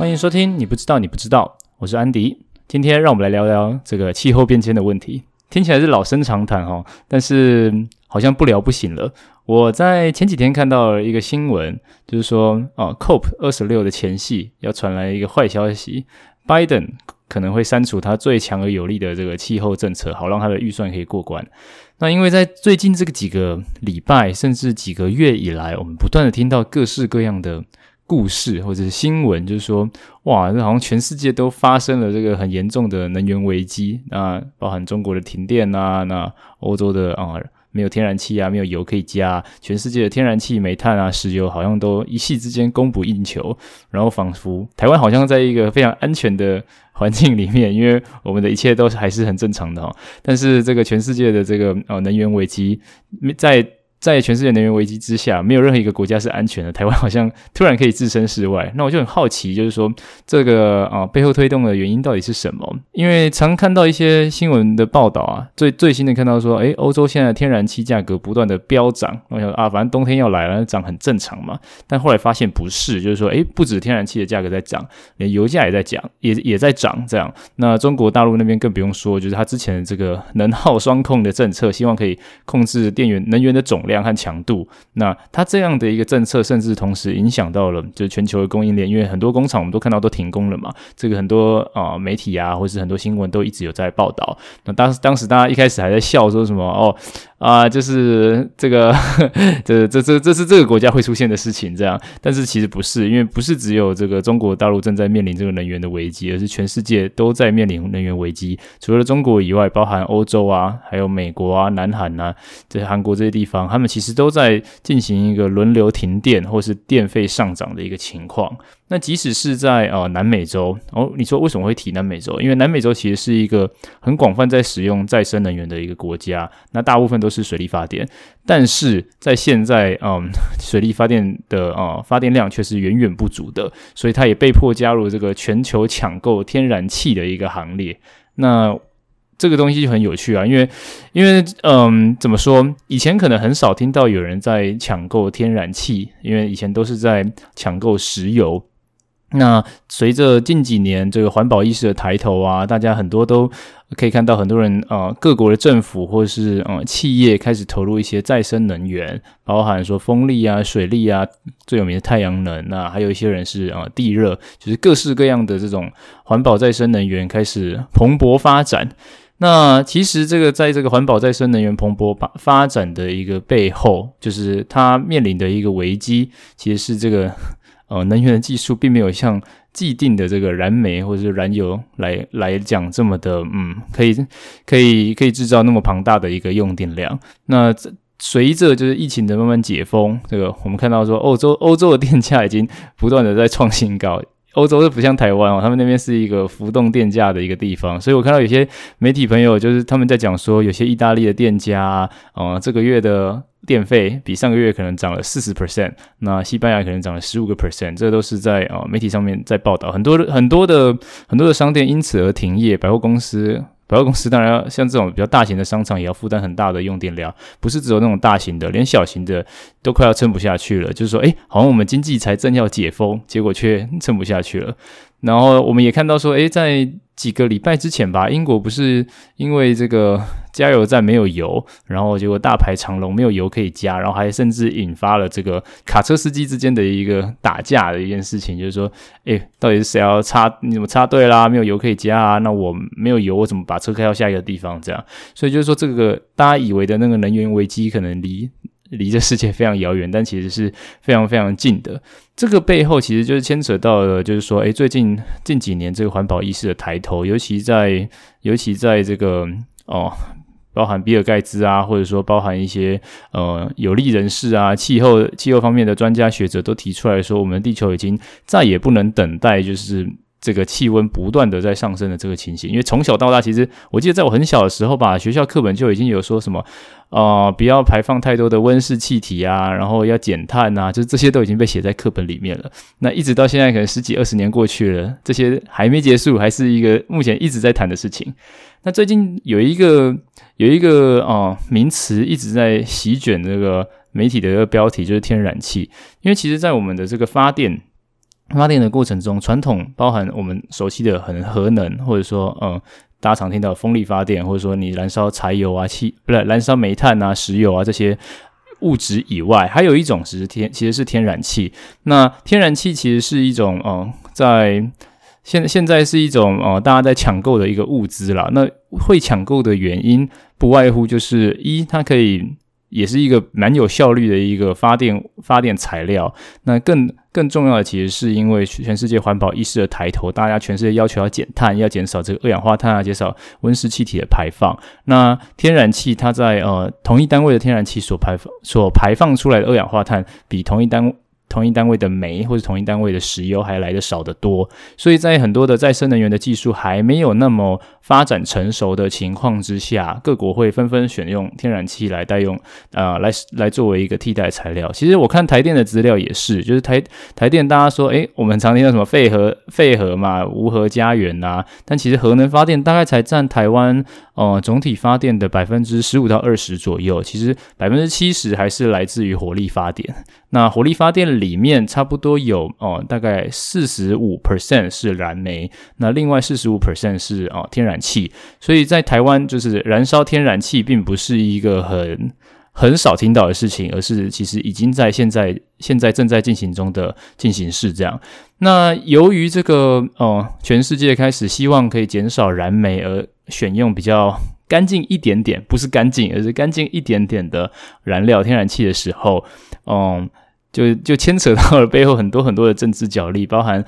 歡迎收聽，你不知道，你不知道，我是安迪。今天讓我們來聊聊這個氣候變遷的問題，聽起來是老生常談哈、哦，但是好像不聊不行了。我在前幾天看到了一個新聞，就是說啊，COP 二十六的前夕要傳來一個壞消息，拜登可能會刪除他最強而有力的這個氣候政策，好讓他的預算可以過關。那因為在最近這個幾個禮拜甚至幾個月以來，我們不斷的聽到各式各樣的。故事或者是新聞，就是說，哇，這好像全世界都發生了這個很嚴重的能源危機。那包含中國的停電啊，那歐洲的啊、嗯、沒有天然氣啊，沒有油可以加，全世界的天然氣、煤炭啊、石油好像都一夕之間供不應求。然後仿佛台灣好像在一個非常安全的環境裡面，因為我們的一切都還是很正常的哈、哦。但是這個全世界的這個哦、呃、能源危機在。在全世界能源危機之下，沒有任何一個國家是安全的。台灣好像突然可以置身事外，那我就很好奇，就是說這個啊背後推動的原因到底是什麼？因為常看到一些新聞的報道啊，最最新的看到說，哎、欸，歐洲現在天然氣價格不斷的飆漲，我想說啊，反正冬天要來了，漲很正常嘛。但後來發現不是，就是說，哎、欸，不止天然氣的價格在漲，連油價也在漲，也也在漲這樣。那中國大陸那邊更不用說，就是他之前的這個能耗雙控的政策，希望可以控制電源能源的總量。量和強度，那它這樣的一個政策，甚至同時影響到了就是全球的供應鏈，因為很多工廠我們都看到都停工了嘛。這個很多啊、呃、媒體啊，或是很多新聞都一直有在報道。那當時當時大家一開始還在笑，說什麼哦。啊，就是這個，這這這這是這個國家會出現的事情，這樣。但是其實不是，因為不是只有這個中國大陸正在面臨這個能源的危機，而是全世界都在面臨能源危機。除了中國以外，包含歐洲啊，還有美國啊、南韓吶、啊、這韓國這些地方，他們其實都在進行一個輪流停電或是電費上漲的一個情況。那即使是在呃南美洲，哦，你說為什麼會提南美洲？因為南美洲其實是一個很廣泛在使用再生能源的一個國家，那大部分都是水力發電，但是在現在，嗯，水力發電的啊、嗯、發電量卻是遠遠不足的，所以它也被迫加入這個全球搶購天然氣的一個行列。那這個東西就很有趣啊，因為因為嗯，怎麼說？以前可能很少聽到有人在搶購天然氣，因為以前都是在搶購石油。那隨着近幾年這個環保意識的抬頭啊，大家很多都可以看到，很多人啊、呃，各國的政府或者是呃企業開始投入一些再生能源，包含說風力啊、水力啊，最有名的太陽能啊，還有一些人是啊、呃、地熱，就是各式各樣的這種環保再生能源開始蓬勃發展。那其實這個在這個環保再生能源蓬勃發發展的一個背後，就是它面臨的一個危機，其實是這個。呃，能源的技術並沒有像既定的這個燃煤，或者是燃油來來講這麼的，嗯，可以，可以，可以制造那麼龐大的一個用電量。那隨着就是疫情的慢慢解封，這個我們看到說歐洲，歐洲的電價已經不斷的在創新高。歐洲是不像台灣哦，他們那邊是一個浮動電價的一個地方，所以我看到有些媒體朋友就是他們在講說，有些意大利的電價啊，嗯，呃，這個月的。電費比上個月可能漲了四十 percent，那西班牙可能漲了十五個 percent，這都是在啊、哦、媒體上面在報道，很多很多的很多的商店因此而停業，百貨公司百貨公司當然要像這種比較大型的商場也要負擔很大的用電量，不是只有那種大型的，連小型的都快要撐不下去了，就是說，誒，好像我們經濟才正要解封，結果卻撐不下去了。然後我們也看到說，誒，在幾個禮拜之前吧，英國不是因為這個加油站沒有油，然後結果大排長龍，沒有油可以加，然後還甚至引發了這個卡車司機之間的一個打架的一件事情，就是說，誒，到底是誰要插，你怎麼插隊啦？沒有油可以加啊，那我沒有油，我怎麼把車開到下一個地方？這樣，所以就是說，這個大家以為的那個能源危機可能離。離這世界非常遙遠，但其實是非常非常近的。這個背後其實就是牽扯到了，就是說，誒、欸、最近近幾年這個環保意識的抬頭，尤其在尤其在這個哦，包含比爾蓋茨啊，或者說包含一些呃有力人士啊，氣候氣候方面的專家學者都提出來說，我們地球已經再也不能等待，就是。這個氣溫不斷的在上升的這個情形。因為從小到大，其實我記得在我很小的時候吧，學校課本就已經有說什麼，呃，不要排放太多的溫室氣體啊，然後要減碳啊，就這些都已經被寫在課本裡面了。那一直到現在，可能十幾二十年過去了，這些還沒結束，還是一個目前一直在談的事情。那最近有一個有一個啊，呃，名詞一直在席捲這個媒體的一個標題，就是天然氣，因為其實在我們的這個發電。發電的過程中，傳統包含我們熟悉的很核能，或者說，嗯，大家常聽到風力發電，或者說你燃燒柴油啊、氣，不是燃燒煤炭啊、石油啊這些物質以外，還有一種是天，其實是天然氣。那天然氣其實是一種，嗯，在現現在是一種，呃、嗯，大家在搶購的一個物資啦。那會搶購的原因不外乎就是一，它可以。也是一個蠻有效率的一個發電發電材料。那更更重要的，其實是因為全世界環保意識的抬頭，大家全世界要求要減碳，要減少這個二氧化碳啊，要減少溫室氣體的排放。那天然氣，它在呃同一單位的天然氣所排放所排放出來的二氧化碳，比同一單位。同一單位的煤或者同一單位的石油還來得少得多，所以在很多的再生能源的技術還沒有那麼發展成熟的情況之下，各國會紛紛選用天然氣來代用，呃，來來作為一個替代材料。其實我看台電的資料也是，就是台台電大家說，哎，我們常聽到什麼廢核廢核嘛，無核家園吶、啊，但其實核能發電大概才占台灣哦、呃、總體發電的百分之十五到二十左右，其實百分之七十還是來自於火力發電。那火力發電裡面差不多有哦、呃，大概四十五 percent 是燃煤，那另外四十五 percent 是哦、呃，天然氣。所以在台灣，就是燃燒天然氣並不是一個很很少聽到的事情，而是其實已經在現在現在正在進行中的進行式這樣。那由於這個哦、呃，全世界開始希望可以減少燃煤而選用比較乾淨一點點，不是乾淨，而是乾淨一點點的燃料天然氣的時候，嗯、呃。就就牽扯到了背後很多很多的政治角力，包含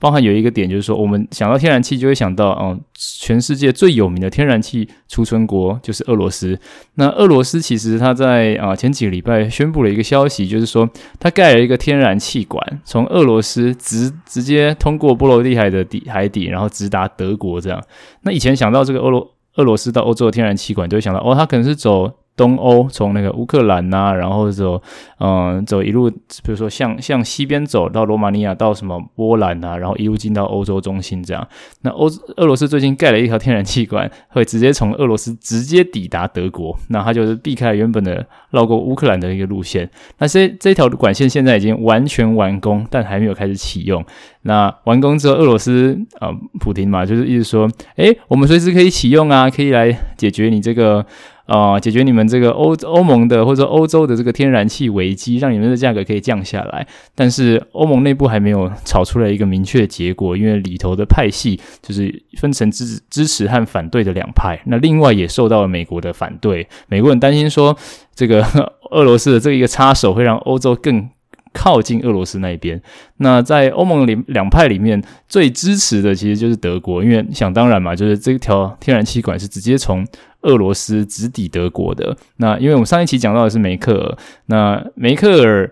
包含有一個點，就是說我們想到天然氣就會想到，嗯，全世界最有名的天然氣儲存國就是俄羅斯。那俄羅斯其實他在啊前幾個禮拜宣布了一個消息，就是說他蓋了一個天然氣管，從俄羅斯直直接通過波羅的海的底海底，然後直達德國這樣。那以前想到這個俄羅俄羅斯到歐洲的天然氣管，就會想到哦，他可能是走。東歐，從那個烏克蘭吶、啊，然後走，嗯，走一路，比如說向向西邊走到羅馬尼亞，到什麼波蘭啊，然後一路進到歐洲中心這樣。那歐俄羅斯最近蓋了一條天然氣管，會直接從俄羅斯直接抵達德國，那它就是避開原本的繞過烏克蘭的一個路線。那這這條管線現在已經完全完工，但還沒有開始啟用。那完工之後，俄羅斯啊、嗯，普丁嘛，就是一直說，哎，我們隨時可以啟用啊，可以來解決你這個。啊、嗯，解決你們這個歐歐盟的或者歐洲的這個天然氣危機，讓你們的價格可以降下來。但是歐盟內部還沒有吵出來一個明確的結果，因為裡頭的派系就是分成支支持和反對的兩派。那另外也受到了美國的反對，美國人擔心說這個俄羅斯的這個一個插手會讓歐洲更。靠近俄羅斯那一邊，那在歐盟裡兩派裡面最支持的其實就是德國，因為想當然嘛，就是這條天然氣管是直接從俄羅斯直抵德國的。那因為我們上一期講到的是梅克爾，那梅克爾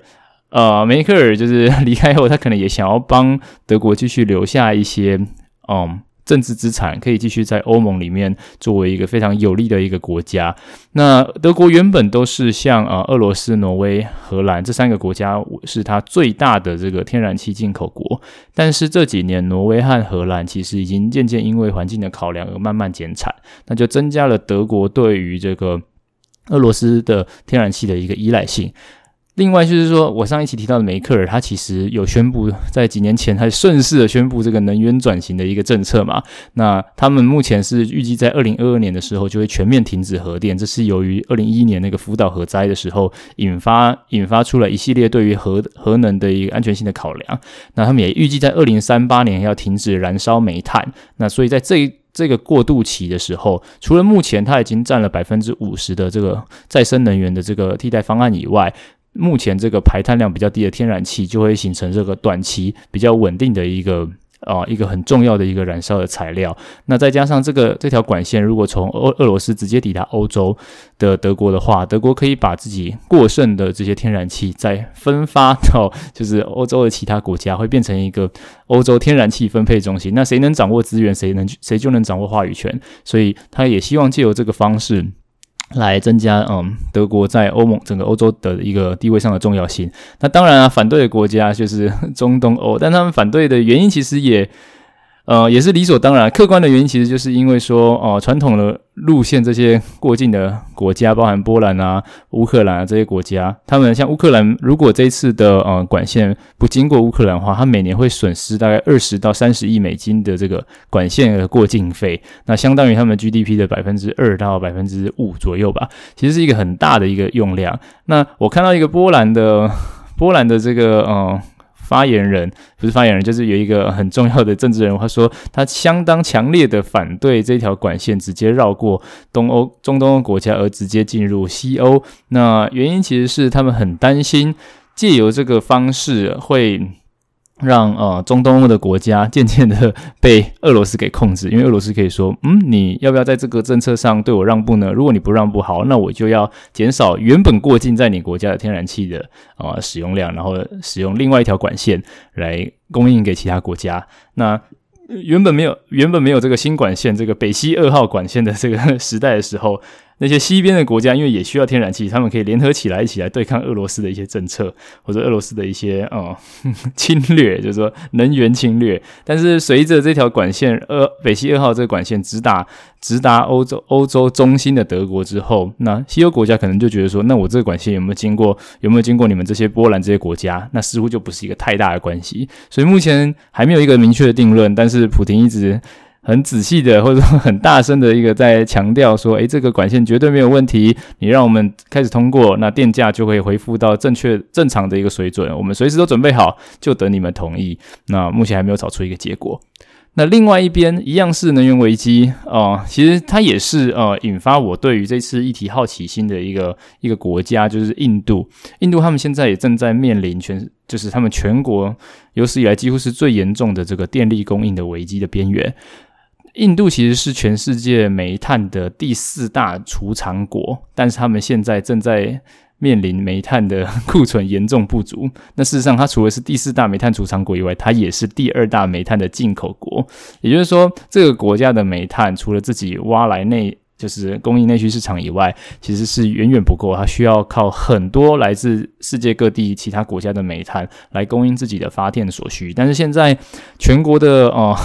呃梅克爾就是離開後，他可能也想要幫德國繼續留下一些嗯。政治資產，可以繼續在歐盟裡面作為一個非常有利的一個國家。那德國原本都是像啊俄羅斯、挪威、荷蘭這三個國家是它最大的這個天然氣進口國，但是這幾年挪威和荷蘭其實已經漸漸因為環境的考量而慢慢減產，那就增加了德國對於這個俄羅斯的天然氣的一個依賴性。另外就是說，我上一期提到的梅克爾，他其實有宣布，在幾年前他順勢的宣布這個能源轉型的一個政策嘛。那他們目前是預計在二零二二年的時候就會全面停止核電，這是由於二零一一年那個福島核災的時候引發引發出了一系列對於核核能的一個安全性的考量。那他們也預計在二零三八年要停止燃燒煤炭。那所以在這這個過渡期的時候，除了目前他已經占了百分之五十的這個再生能源的這個替代方案以外，目前這個排碳量比較低的天然氣就會形成這個短期比較穩定的一個啊、呃、一個很重要的一個燃燒的材料。那再加上這個這條管線如果從俄俄羅斯直接抵達歐洲的德國的話，德國可以把自己過剩的這些天然氣再分發到就是歐洲的其他國家，會變成一個歐洲天然氣分配中心。那誰能掌握資源，誰能，誰就能掌握話語權。所以他也希望借由這個方式。來增加，嗯，德國在歐盟，整個歐洲的一個地位上的重要性。那當然啊，反對的國家就是中東歐，但他們反對的原因其實也。呃，也是理所當然。客觀的原因，其實就是因為說，呃，傳統的路線這些過境的國家，包含波蘭啊、烏克蘭啊這些國家，他們像烏克蘭，如果這一次的呃管線不經過烏克蘭的話，他每年會損失大概二十到三十億美金的這個管線的過境費，那相當於他們 GDP 的百分之二到百分之五左右吧，其實是一個很大的一個用量。那我看到一個波蘭的波蘭的這個呃。發言人不是發言人，就是有一個很重要的政治人物，他說他相當強烈的反對這條管線直接繞過東歐、中東國家而直接進入西歐。那原因其實是他們很擔心借由這個方式會。讓呃中東的國家漸漸的被俄羅斯給控制，因為俄羅斯可以說，嗯，你要不要在這個政策上對我讓步呢？如果你不讓步，好，那我就要減少原本過境在你國家的天然氣的啊、呃、使用量，然後使用另外一條管線來供應給其他國家。那原本沒有原本沒有這個新管線，這個北溪二號管線的這個時代的時候。那些西邊的國家，因為也需要天然氣，他們可以聯合起來一起來對抗俄羅斯的一些政策，或者俄羅斯的一些啊、哦、侵略，就是說能源侵略。但是隨着這條管線、呃、北溪二號這個管線直達直達歐洲歐洲中心的德國之後，那西歐國家可能就覺得說，那我這個管線有沒有經過，有沒有經過你們這些波蘭這些國家？那似乎就不是一個太大的關係。所以目前還沒有一個明確的定論。但是普京一直。很仔細的，或者說很大聲的一個在強調說：“誒，這個管線絕對沒有問題，你讓我們開始通過，那電價就會恢復到正確、正常的一個水準。我們隨時都準備好，就等你們同意。那目前還沒有找出一個結果。那另外一邊，一樣是能源危機啊、呃，其實它也是呃引發我對於這次議題好奇心的一個一個國家，就是印度。印度他們現在也正在面臨全，就是他們全國有史以來幾乎是最嚴重的這個電力供應的危機的邊緣。”印度其實是全世界煤炭的第四大儲藏國，但是他們現在正在面臨煤炭的庫存嚴重不足。那事實上，它除了是第四大煤炭儲藏國以外，它也是第二大煤炭的進口國。也就是說，這個國家的煤炭除了自己挖來內，就是供應內需市場以外，其實是遠遠不夠。它需要靠很多來自世界各地其他國家的煤炭來供應自己的發電所需。但是現在全國的，呃。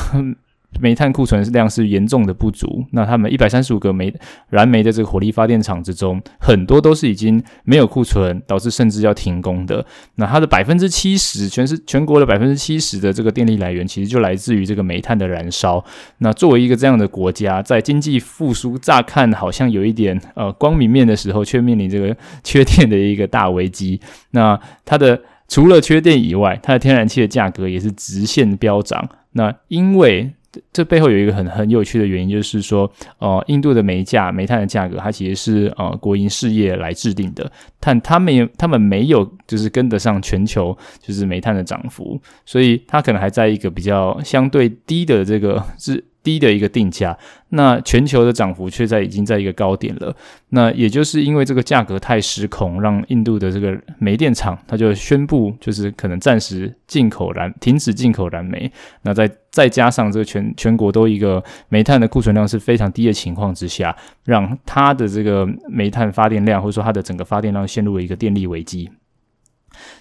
煤炭庫存量是嚴重的不足，那他們一百三十五個煤、燃煤的這個火力發電廠之中，很多都是已經沒有庫存，導致甚至要停工的。那它的百分之七十，全是全國的百分之七十的這個電力來源，其實就來自於這個煤炭的燃燒。那作為一個這樣的國家，在經濟復甦，乍看好像有一點呃光明面的時候，卻面臨這個缺電的一個大危機。那它的除了缺電以外，它的天然氣的價格也是直線飆漲。那因為這背後有一個很很有趣的原因，就是說，呃，印度的煤價、煤炭的價格，它其實是，呃，國營事業來制定的，但他們他們沒有就是跟得上全球就是煤炭的漲幅，所以它可能還在一個比較相對低的這個是。低的一個定價，那全球的漲幅卻在已經在一個高點了。那也就是因為這個價格太失控，讓印度的這個煤電廠，它就宣布就是可能暫時進口燃，停止進口燃煤。那再再加上這個全全國都一個煤炭的庫存量是非常低的情況之下，讓它的這個煤炭發電量或者說它的整個發電量陷入了一個電力危機。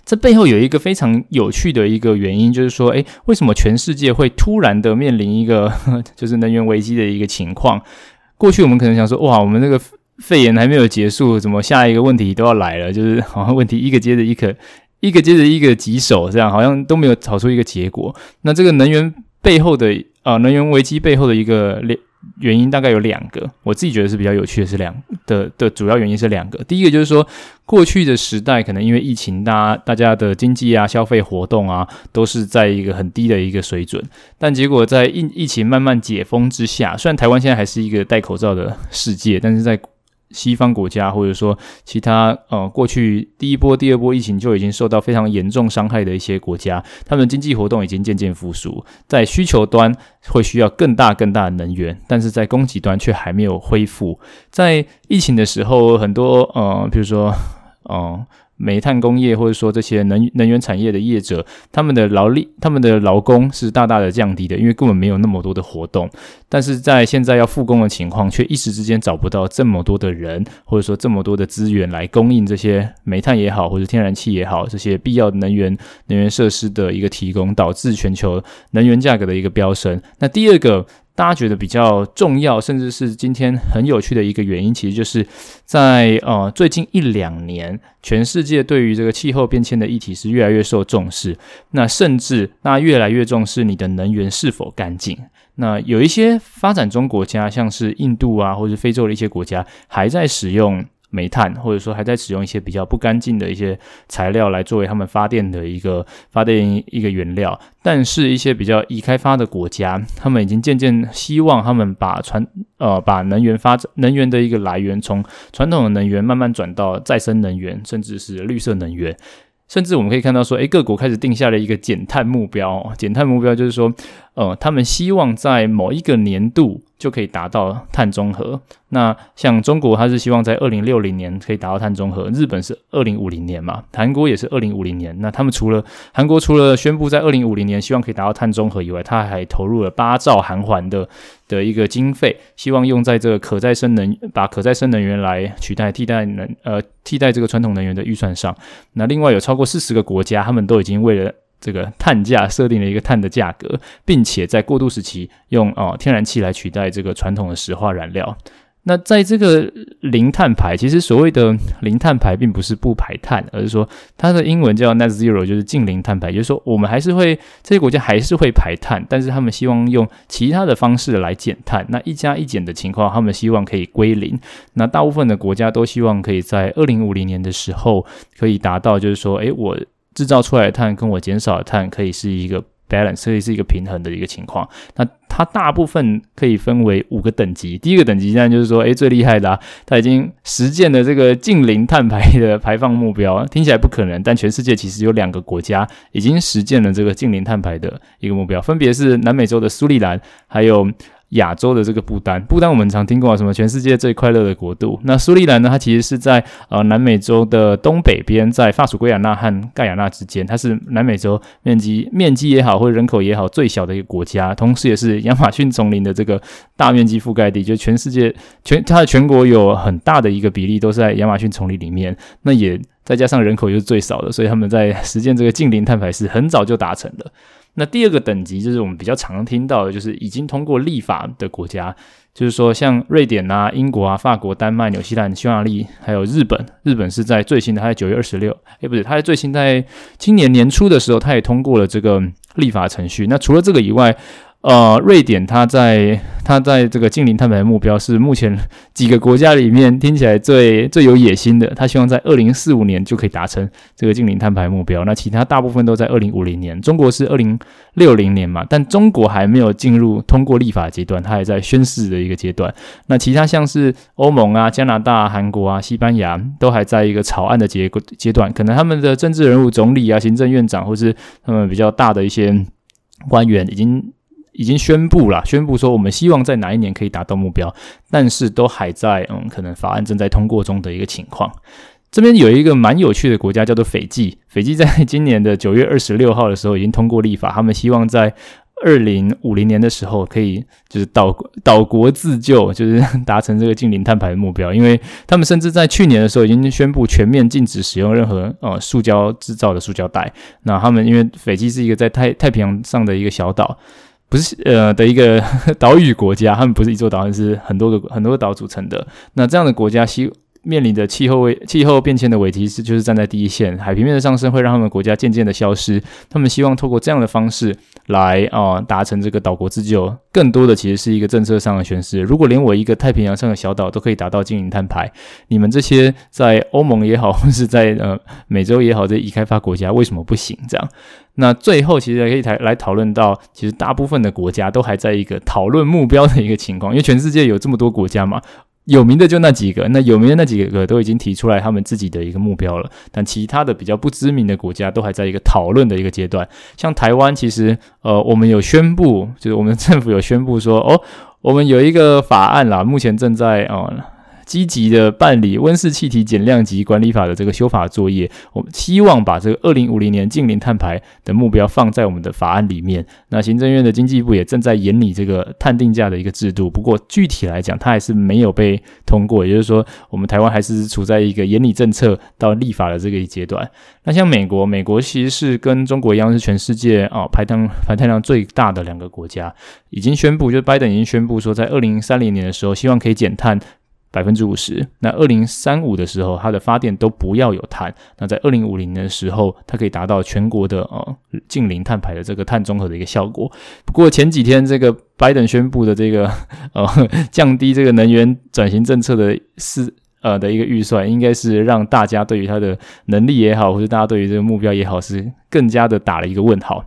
這背後有一個非常有趣的一個原因，就是說，哎，為什麼全世界會突然的面臨一個就是能源危機的一個情況？過去我們可能想說，哇，我們這個肺炎還沒有結束，怎麼下一個問題都要來了？就是好像、哦、問題一個接着一個，一個接着一個棘手，這樣好像都沒有找出一個結果。那這個能源背後的啊、呃，能源危機背後的一個。原因大概有兩個，我自己覺得是比較有趣的是兩的的，的主要原因是兩個。第一個就是說，過去的時代可能因為疫情，大家大家的經濟啊、消費活動啊，都是在一個很低的一個水準。但結果在疫疫情慢慢解封之下，雖然台灣現在還是一個戴口罩的世界，但是在。西方國家，或者說其他呃，過去第一波、第二波疫情就已經受到非常嚴重傷害的一些國家，他們經濟活動已經漸漸復甦，在需求端會需要更大、更大的能源，但是在供給端卻還沒有恢復。在疫情的時候，很多呃，比如說，嗯、呃。煤炭工業或者說這些能能源產業的業者，他們的勞力、他們的勞工是大大的降低的，因為根本沒有那麼多的活動。但是在現在要復工的情況，却一時之間找不到這麼多的人，或者說這麼多的資源來供應這些煤炭也好，或者是天然氣也好，這些必要能源能源設施的一個提供，導致全球能源價格的一個飆升。那第二個。大家覺得比較重要，甚至是今天很有趣的一個原因，其實就是在呃最近一兩年，全世界對於這個氣候變遷的議題是越來越受重視。那甚至那越來越重視你的能源是否乾淨。那有一些發展中國家，像是印度啊，或是非洲的一些國家，還在使用。煤炭，或者說還在使用一些比較不乾淨的一些材料來作為他們發電的一個發電一個原料，但是，一些比較已開發的國家，他們已經漸漸希望他們把傳呃把能源發展能源的一個來源從傳統的能源慢慢轉到再生能源，甚至是綠色能源。甚至我們可以看到說，誒，各國開始定下了一個減碳目標，減碳目標就是說，呃，他們希望在某一個年度。就可以達到碳中和。那像中國，它是希望在二零六零年可以達到碳中和；日本是二零五零年嘛，韓國也是二零五零年。那他們除了，韓國除了宣布在二零五零年希望可以達到碳中和以外，他還投入了八兆韓元的的一個經費，希望用在這個可再生能源，把可再生能源來取代替代能呃替代這個傳統能源的預算上。那另外有超過四十個國家，他們都已經為了。這個碳價設定了一個碳的價格，並且在過渡時期用哦天然氣來取代這個傳統的石化燃料。那在這個零碳排，其實所謂的零碳排並不是不排碳，而是說它的英文叫 net zero，就是淨零碳排，就是說我們還是會這些國家還是會排碳，但是他們希望用其他的方式來減碳。那一加一減的情況，他們希望可以歸零。那大部分的國家都希望可以在二零五零年的時候可以達到，就是說，誒我。製造出來的碳跟我減少的碳可以是一個 balance，可以是一個平衡的一個情況。那它大部分可以分為五個等級。第一個等級現在就是說，哎，最厲害的、啊，它已經實現了這個淨零碳排的排放目標。聽起來不可能，但全世界其實有兩個國家已經實現了這個淨零碳排的一個目標，分別是南美洲的蘇利蘭，還有。亞洲的這個不丹，不丹我們常聽過啊，什麼全世界最快樂的國度。那蘇利蘭呢，它其實是在呃南美洲的東北邊，在法屬圭亞那和蓋亞那之間，它是南美洲面積面積也好，或者人口也好，最小的一個國家，同時也是亞馬遜叢林的這個大面積覆蓋地，就全世界全它的全國有很大的一個比例都是在亞馬遜叢林裡面。那也再加上人口又是最少的，所以他們在實踐這個淨零碳排時，很早就達成了。那第二個等級就是我們比較常聽到的，就是已經通過立法的國家，就是說像瑞典啊、英國啊、法國、丹麥、紐西蘭、匈牙利，還有日本。日本是在最新的，他在九月二十六，哎，不是，他在最新在今年年初的時候，他也通過了這個立法程序。那除了這個以外，呃，瑞典他，它在它在這個淨零碳排目標是目前幾個國家裡面聽起來最最有野心的。它希望在二零四五年就可以達成這個淨零碳排目標。那其他大部分都在二零五零年，中國是二零六零年嘛？但中國還沒有進入通過立法階段，它還在宣誓的一個階段。那其他像是歐盟啊、加拿大、韓國啊、西班牙都還在一個草案的階階段，可能他們的政治人物、總理啊、行政院長或是他們比較大的一些官員已經。已經宣布了，宣布說我們希望在哪一年可以達到目標，但是都還在，嗯，可能法案正在通過中的一個情況。這邊有一個蠻有趣的國家叫做斐濟，斐濟在今年的九月二十六號的時候已經通過立法，他們希望在二零五零年的時候可以就是島島國自救，就是達成這個淨零碳排的目標。因為他們甚至在去年的時候已經宣布全面禁止使用任何呃塑膠製造的塑膠袋。那他們因為斐濟是一個在太太平洋上的一個小島。不是呃的一個島嶼國家，他們不是一座島，而是很多個很多個島組成的。那這樣的國家，西。面臨的氣候變氣候變遷的危機是，就是站在第一線，海平面的上升會讓他們國家漸漸的消失。他們希望透過這樣的方式來啊、呃，達成這個島國自救。更多的其實是一個政策上的宣示。如果連我一個太平洋上的小島都可以達到淨零碳排，你們這些在歐盟也好，或者是在呃美洲也好，在已開發國家為什麼不行？這樣，那最後其實可以來來討論到，其實大部分的國家都還在一個討論目標的一個情況，因為全世界有這麼多國家嘛。有名的就那幾個，那有名的那幾個都已經提出來他們自己的一個目標了。但其他的比較不知名的國家都還在一個討論的一個階段。像台灣，其實呃，我們有宣布，就是我們政府有宣布說，哦，我們有一個法案啦，目前正在啊。呃積極的辦理溫室氣體減量及管理法的這個修法作業，我們希望把這個二零五零年淨零碳排的目標放在我們的法案裡面。那行政院的經濟部也正在研擬這個碳定價的一個制度，不過具體來講，它還是沒有被通過。也就是說，我們台灣還是處在一個研擬政策到立法的這個一階段。那像美國，美國其實是跟中國一樣，是全世界啊、哦、排碳排碳量最大的兩個國家，已經宣布，就是拜登已經宣布說，在二零三零年的時候，希望可以減碳。百分之五十。那二零三五的時候，它的發電都不要有碳。那在二零五零年的時候，它可以達到全國的呃、哦、近零碳排的這個碳中和的一個效果。不過前幾天這個拜登宣布的這個呃、哦、降低這個能源轉型政策的四呃的一個預算，應該是讓大家對於它的能力也好，或者大家對於這個目標也好，是更加的打了一個問號。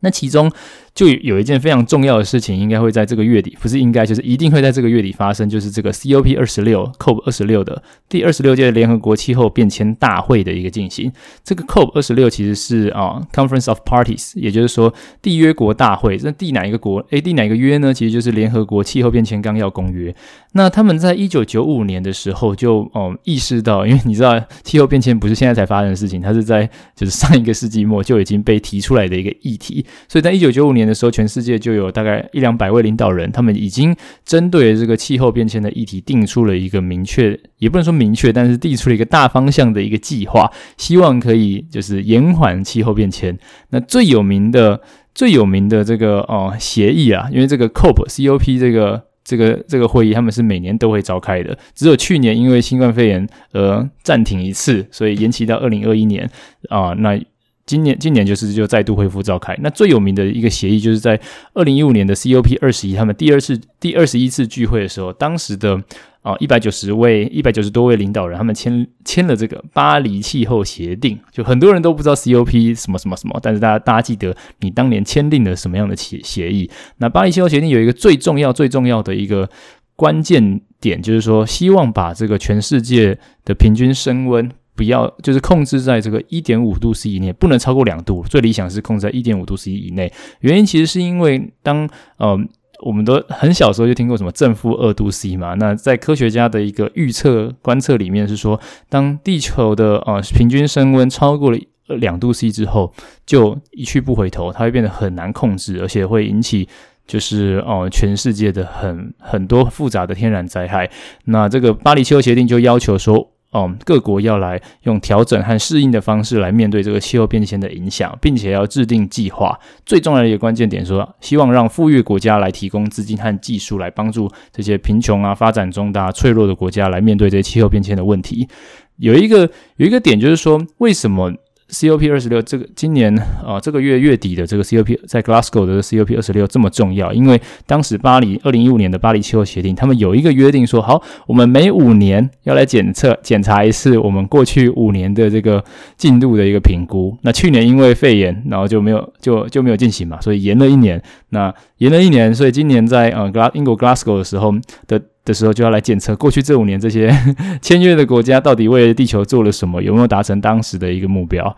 那其中。就有一件非常重要的事情，應該會在這個月底，不是應該就是一定會在這個月底發生，就是這個 COP 二十六，COP 二十六的第二十六屆聯合國氣候變遷大會的一個進行。這個 COP 二十六其實是啊、uh，Conference of Parties，也就是說締約國大會。那締哪一個國？誒，締哪個約呢？其實就是聯合國氣候變遷綱要公約。那他們在一九九五年的時候就哦、嗯、意識到，因為你知道氣候變遷不是現在才發生的事情，它是在就是上一個世紀末就已經被提出來的一個議題，所以在一九九五年。的時候，全世界就有大概一兩百位領導人，他們已經針對這個氣候變遷的議題，定出了一個明確，也不能說明確，但是定出了一個大方向的一個計劃，希望可以就是延緩氣候變遷。那最有名的、最有名的這個哦、呃、協議啊，因為這個 COP CO、COP 這個這個這個會議，他們是每年都會召開的，只有去年因為新冠肺炎而暫停一次，所以延期到二零二一年啊、呃。那今年，今年就是就再度恢復召開。那最有名的一個協議，就是在二零一五年的 COP 二十一，他們第二次第二十一次聚會的時候，當時的啊一百九十位一百九十多位領導人，他們簽簽了這個巴黎氣候協定。就很多人都不知道 COP 什麼什麼什麼，但是大家大家記得你當年簽訂了什麼樣的協協議。那巴黎氣候協定有一個最重要最重要的一個關鍵點，就是說希望把這個全世界的平均升溫，比較就是控制在這個一點五度 C 以內，不能超過兩度，最理想是控制在一點五度 C 以內。原因其實是因為當呃我們都很小時候就聽過什麼正負二度 C 嘛，那在科學家的一個預測觀測裡面是說，當地球的呃平均升溫超過了兩度 C 之後，就一去不回頭，它會變得很難控制，而且會引起就是呃全世界的很很多複雜的天然災害。那這個巴黎氣候協定就要求說。哦，各國要來用調整和適應的方式來面對這個氣候變遷的影響，並且要制定計劃。最重要的一個關鍵點是說，說希望讓富裕國家來提供資金和技術來幫助這些貧窮啊、發展中大、大脆弱的國家來面對這些氣候變遷的問題。有一個有一個點就是說，為什麼？COP 二十六，26，這個今年啊、呃，這個月月底的這個 COP 在 Glasgow 的 COP 二十六這麼重要，因為當時巴黎二零一五年的巴黎氣候協定，他們有一個約定說，好，我們每五年要來檢測、檢查一次我們過去五年的這個進度的一個評估。那去年因為肺炎，然後就沒有就就沒有進行嘛，所以延了一年。那延了一年，所以今年在呃格拉英國 Glasgow 的時候的。的時候就要來檢測過去這五年這些 簽約的國家到底為地球做了什麼，有沒有達成當時的一個目標？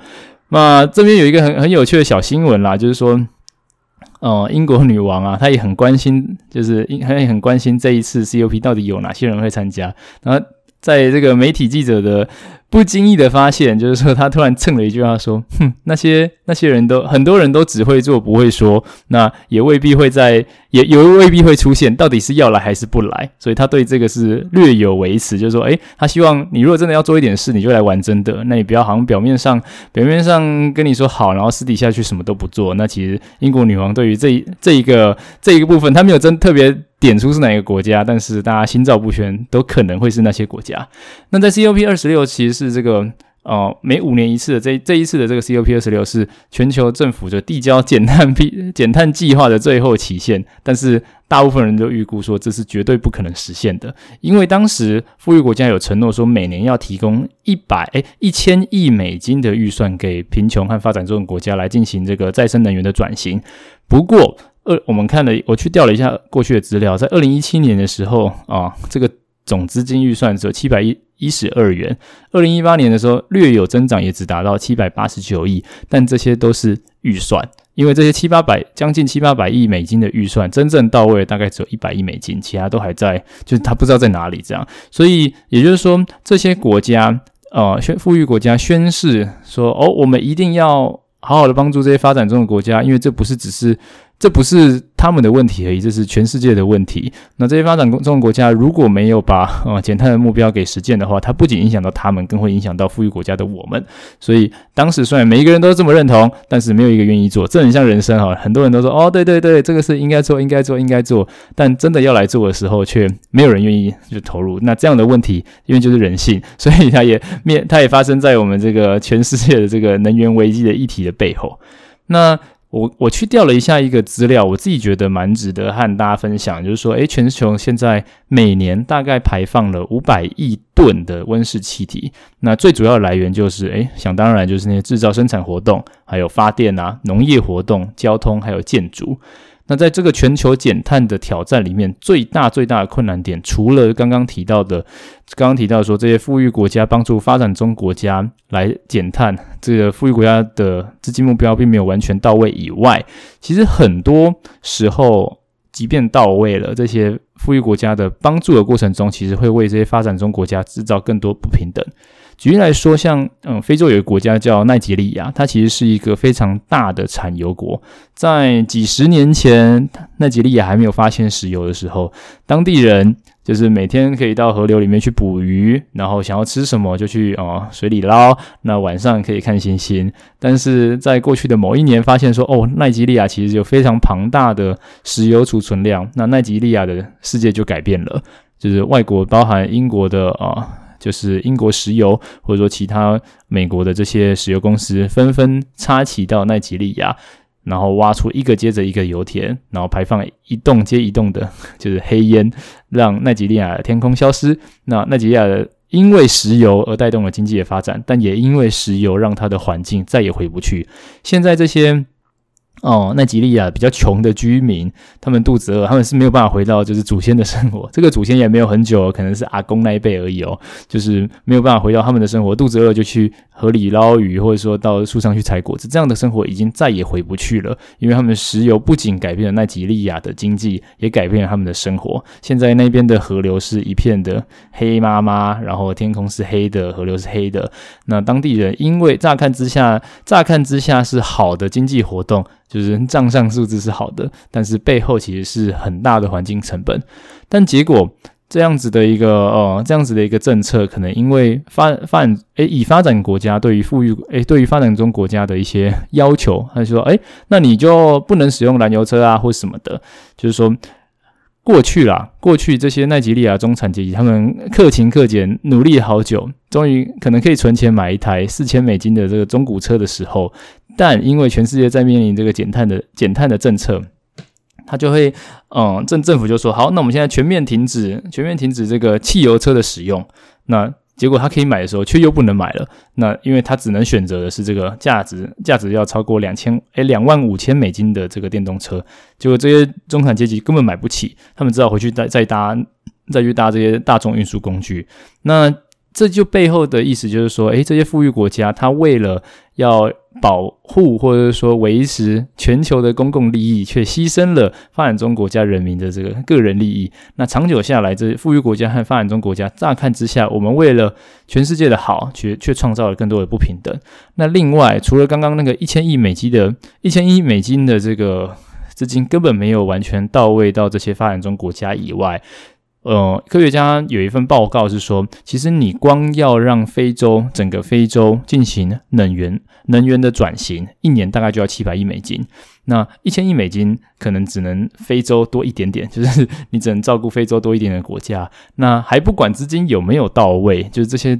那這邊有一個很很有趣的小新聞啦，就是說，呃，英國女王啊，她也很關心，就是她也很關心這一次 COP 到底有哪些人會參加，然後在這個媒體記者的不經意的發現，就是說他突然蹭了一句話，說：“哼，那些那些人都很多人都只會做不會說，那也未必會在，也也未必會出現，到底是要來還是不來？”所以他對這個是略有微詞，就是說，誒，他希望你如果真的要做一點事，你就來玩真的，那你不要好像表面上表面上跟你說好，然後私底下去什麼都不做。那其實英國女王對於這這一個這一個部分，她沒有真特別。點出是哪一個國家，但是大家心照不宣，都可能會是那些國家。那在 COP 二十六，其實是這個呃，每五年一次的這這一次的這個 COP 二十六是全球政府就遞交減碳計減碳計劃的最後期限，但是大部分人都預估說，這是絕對不可能實現的，因為當時富裕國家有承諾說每年要提供一百哎一千億美金的預算給貧窮和發展中國家來進行這個再生能源的轉型，不過。二，我們看了，我去調了一下過去的資料，在二零一七年的時候啊，這個總資金預算只有七百一一十二元。二零一八年的時候略有增長，也只達到七百八十九億。但這些都是預算，因為這些七八百將近七八百億美金的預算，真正到位大概只有一百億美金，其他都還在，就是他不知道在哪裡這樣。所以也就是說，這些國家呃，富、啊、富裕國家宣誓說，哦，我們一定要好好的幫助這些發展中的國家，因為這不是只是。這不是他們的問題而已，這是全世界的問題。那這些發展中國家如果沒有把啊、呃、減碳的目標給實踐的話，它不僅影響到他們，更會影響到富裕國家的我們。所以當時雖然每一個人都這麼認同，但是沒有一個願意做。這很像人生哈，很多人都說哦，對對對，這個是應該做，應該做，應該做。但真的要來做的時候，卻沒有人願意去投入。那這樣的問題，因為就是人性，所以它也面，它也發生在我們這個全世界的這個能源危機的議題的背後。那。我我去調了一下一個資料，我自己覺得蠻值得和大家分享，就是說，哎、欸，全球現在每年大概排放了五百億噸的溫室氣體，那最主要的來源就是，哎、欸，想當然就是那些制造、生產活動，還有發電啊，農業活動、交通還有建築。那在這個全球減碳的挑戰裡面，最大最大的困難點，除了剛剛提到的，剛剛提到的說這些富裕國家幫助發展中國家來減碳，這個富裕國家的資金目標並沒有完全到位以外，其實很多時候，即便到位了，這些富裕國家的幫助的過程中，其實會為這些發展中國家制造更多不平等。舉例來說，像嗯，非洲有一個國家叫奈及利亞，它其實是一個非常大的產油國。在幾十年前，奈及利亞還沒有發現石油的時候，當地人就是每天可以到河流裡面去捕魚，然後想要吃什麼就去啊、呃、水裡撈。那晚上可以看星星。但是在過去的某一年，發現說哦，奈及利亞其實有非常龐大的石油儲存量。那奈及利亞的世界就改變了，就是外國，包含英國的啊。呃就是英國石油，或者說其他美國的這些石油公司，紛紛插旗到奈及利亞，然後挖出一個接着一個油田，然後排放一棟接一棟的，就是黑煙，讓奈及利亞的天空消失。那奈及利亞的因為石油而帶動了經濟的發展，但也因為石油讓它的環境再也回不去。現在這些。哦，奈及利亞，比較窮的居民，他們肚子餓，他們是沒有辦法回到就是祖先的生活。這個祖先也沒有很久，可能是阿公那一輩而已哦，就是沒有辦法回到他們的生活，肚子餓就去。河裡撈魚，或者說到樹上去採果子，這樣的生活已經再也回不去了。因為他們的石油不僅改變了奈及利亞的經濟，也改變了他們的生活。現在那邊的河流是一片的黑麻麻，然後天空是黑的，河流是黑的。那當地人因為乍看之下，乍看之下是好的經濟活動，就是賬上數字是好的，但是背後其實是很大的環境成本。但結果。這樣子的一個呃，這樣子的一個政策，可能因為發發展誒、欸，以發展國家對於富裕誒、欸，對於發展中國家的一些要求，他就說誒、欸，那你就不能使用燃油車啊，或什麼的。就是說，過去啦，過去這些奈及利亞中產階級，他們克勤克儉，努力好久，終於可能可以存錢買一台四千美金的這個中古車的時候，但因為全世界在面臨這個減碳的減碳的政策。他就會，嗯，政政府就說好，那我們現在全面停止，全面停止這個汽油車的使用。那結果他可以買的時候，卻又不能買了。那因為他只能選擇的是這個價值價值要超過兩千，哎，誒兩萬五千美金的這個電動車。結果這些中產階級根本買不起，他們只好回去再再搭再去搭這些大眾運輸工具。那這就背後的意思就是說，誒、哎，這些富裕國家，他為了要。保護或者說維持全球的公共利益，卻犧牲了發展中國家人民的這個個人利益。那長久下來，這富裕國家和發展中國家乍看之下，我們為了全世界的好，卻卻創造了更多的不平等。那另外，除了剛剛那個一千億美金的一千億美金的這個資金根本沒有完全到位到這些發展中國家以外。呃，科學家有一份報告是說，其實你光要讓非洲整個非洲進行能源能源的轉型，一年大概就要七百億美金，那一千億美金可能只能非洲多一點點，就是你只能照顧非洲多一點的國家，那還不管資金有沒有到位，就是這些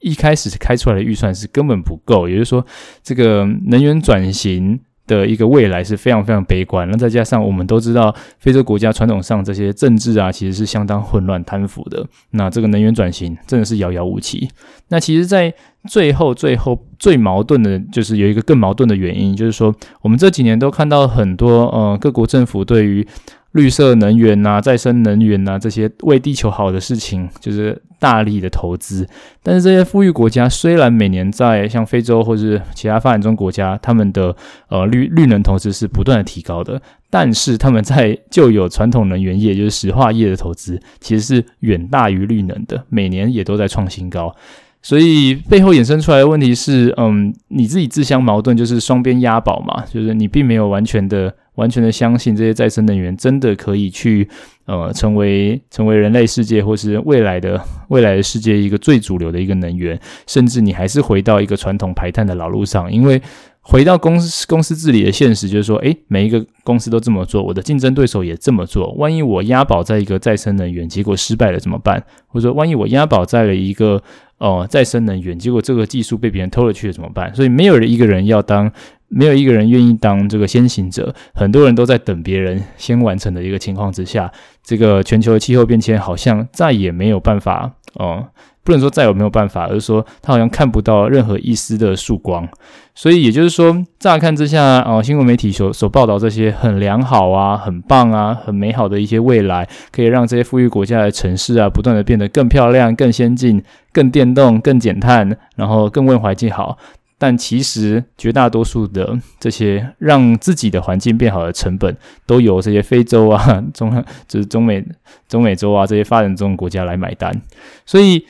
一開始開出來的預算是根本不夠，也就是說，這個能源轉型。的一個未來是非常非常悲觀。那再加上我們都知道，非洲國家傳統上這些政治啊，其實是相當混亂、貪腐的。那這個能源轉型真的是遙遙無期。那其實，在最後、最後、最矛盾的，就是有一個更矛盾的原因，就是說，我們這幾年都看到很多呃，各國政府對於。綠色能源吶、啊，再生能源吶、啊，這些為地球好的事情，就是大力的投資。但是這些富裕國家雖然每年在像非洲或者是其他發展中國家，他們的呃綠綠能投資是不斷的提高的，但是他們在舊有傳統能源業，就是石化業的投資，其實是遠大於綠能的，每年也都在創新高。所以背後衍生出來的問題是，嗯，你自己自相矛盾，就是雙邊押寶嘛，就是你並沒有完全的。完全的相信這些再生能源真的可以去，呃，成為成為人類世界或是未來的未來的世界一個最主流的一個能源，甚至你還是回到一個傳統排碳的老路上，因為回到公司公司治理的現實就是說，誒，每一個公司都這麼做，我的競爭對手也這麼做，萬一我押寶在一個再生能源，結果失敗了怎麼辦？或者說，萬一我押寶在了一個呃再生能源，結果這個技術被別人偷了去了怎麼辦？所以沒有人一個人要當。沒有一個人願意當這個先行者，很多人都在等別人先完成的一個情況之下，這個全球的氣候變遷好像再也沒有辦法哦、呃，不能說再也沒有辦法，而是說他好像看不到任何一絲的曙光。所以也就是說，乍看之下哦、呃，新聞媒體所所報道這些很良好啊、很棒啊、很美好的一些未來，可以讓這些富裕國家的城市啊，不斷的變得更漂亮、更先進、更電動、更減碳，然後更為環境好。但其實，絕大多數的這些讓自己的環境變好的成本，都由這些非洲啊、中就是中美中美洲啊這些發展中國家來買單。所以，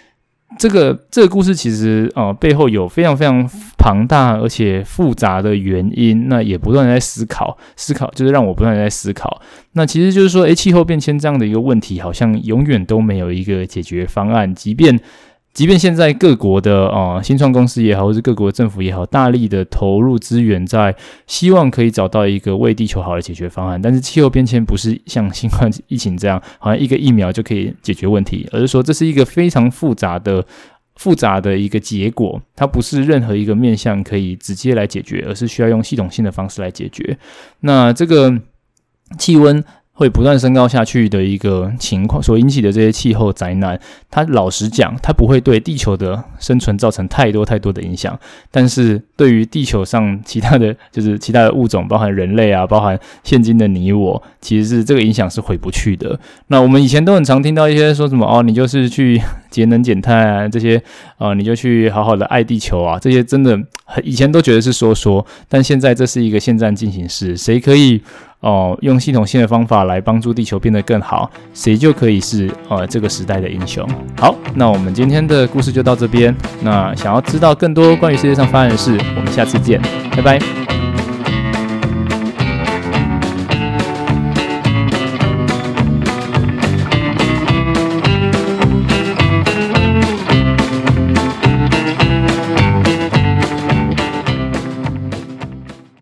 這個這個故事其實啊、呃，背後有非常非常龐大而且複雜的原因。那也不斷在思考，思考就是讓我不斷在思考。那其實就是說，哎，氣候變遷這樣的一個問題，好像永遠都沒有一個解決方案，即便。即便現在各國的啊、哦、新創公司也好，或者是各國的政府也好，大力的投入資源在希望可以找到一個為地球好的解決方案，但是氣候變遷不是像新冠疫情這樣，好像一個疫苗就可以解決問題，而是說這是一個非常複雜的、複雜的一個結果，它不是任何一個面向可以直接來解決，而是需要用系統性的方式來解決。那這個氣溫，會不斷升高下去的一個情況所引起的這些氣候災難，它老實講，它不會對地球的生存造成太多太多的影響。但是對於地球上其他的就是其他的物種，包含人類啊，包含現今的你我，其實是這個影響是回不去的。那我們以前都很常聽到一些說什麼哦，你就是去節能減碳啊，這些啊、呃，你就去好好的愛地球啊，這些真的以前都覺得是說說，但現在這是一個現在進行式，誰可以？哦，用系統性的方法來幫助地球變得更好，誰就可以是呃這個時代的英雄。好，那我們今天的故事就到這邊。那想要知道更多關於世界上發生的事，我們下次見，拜拜。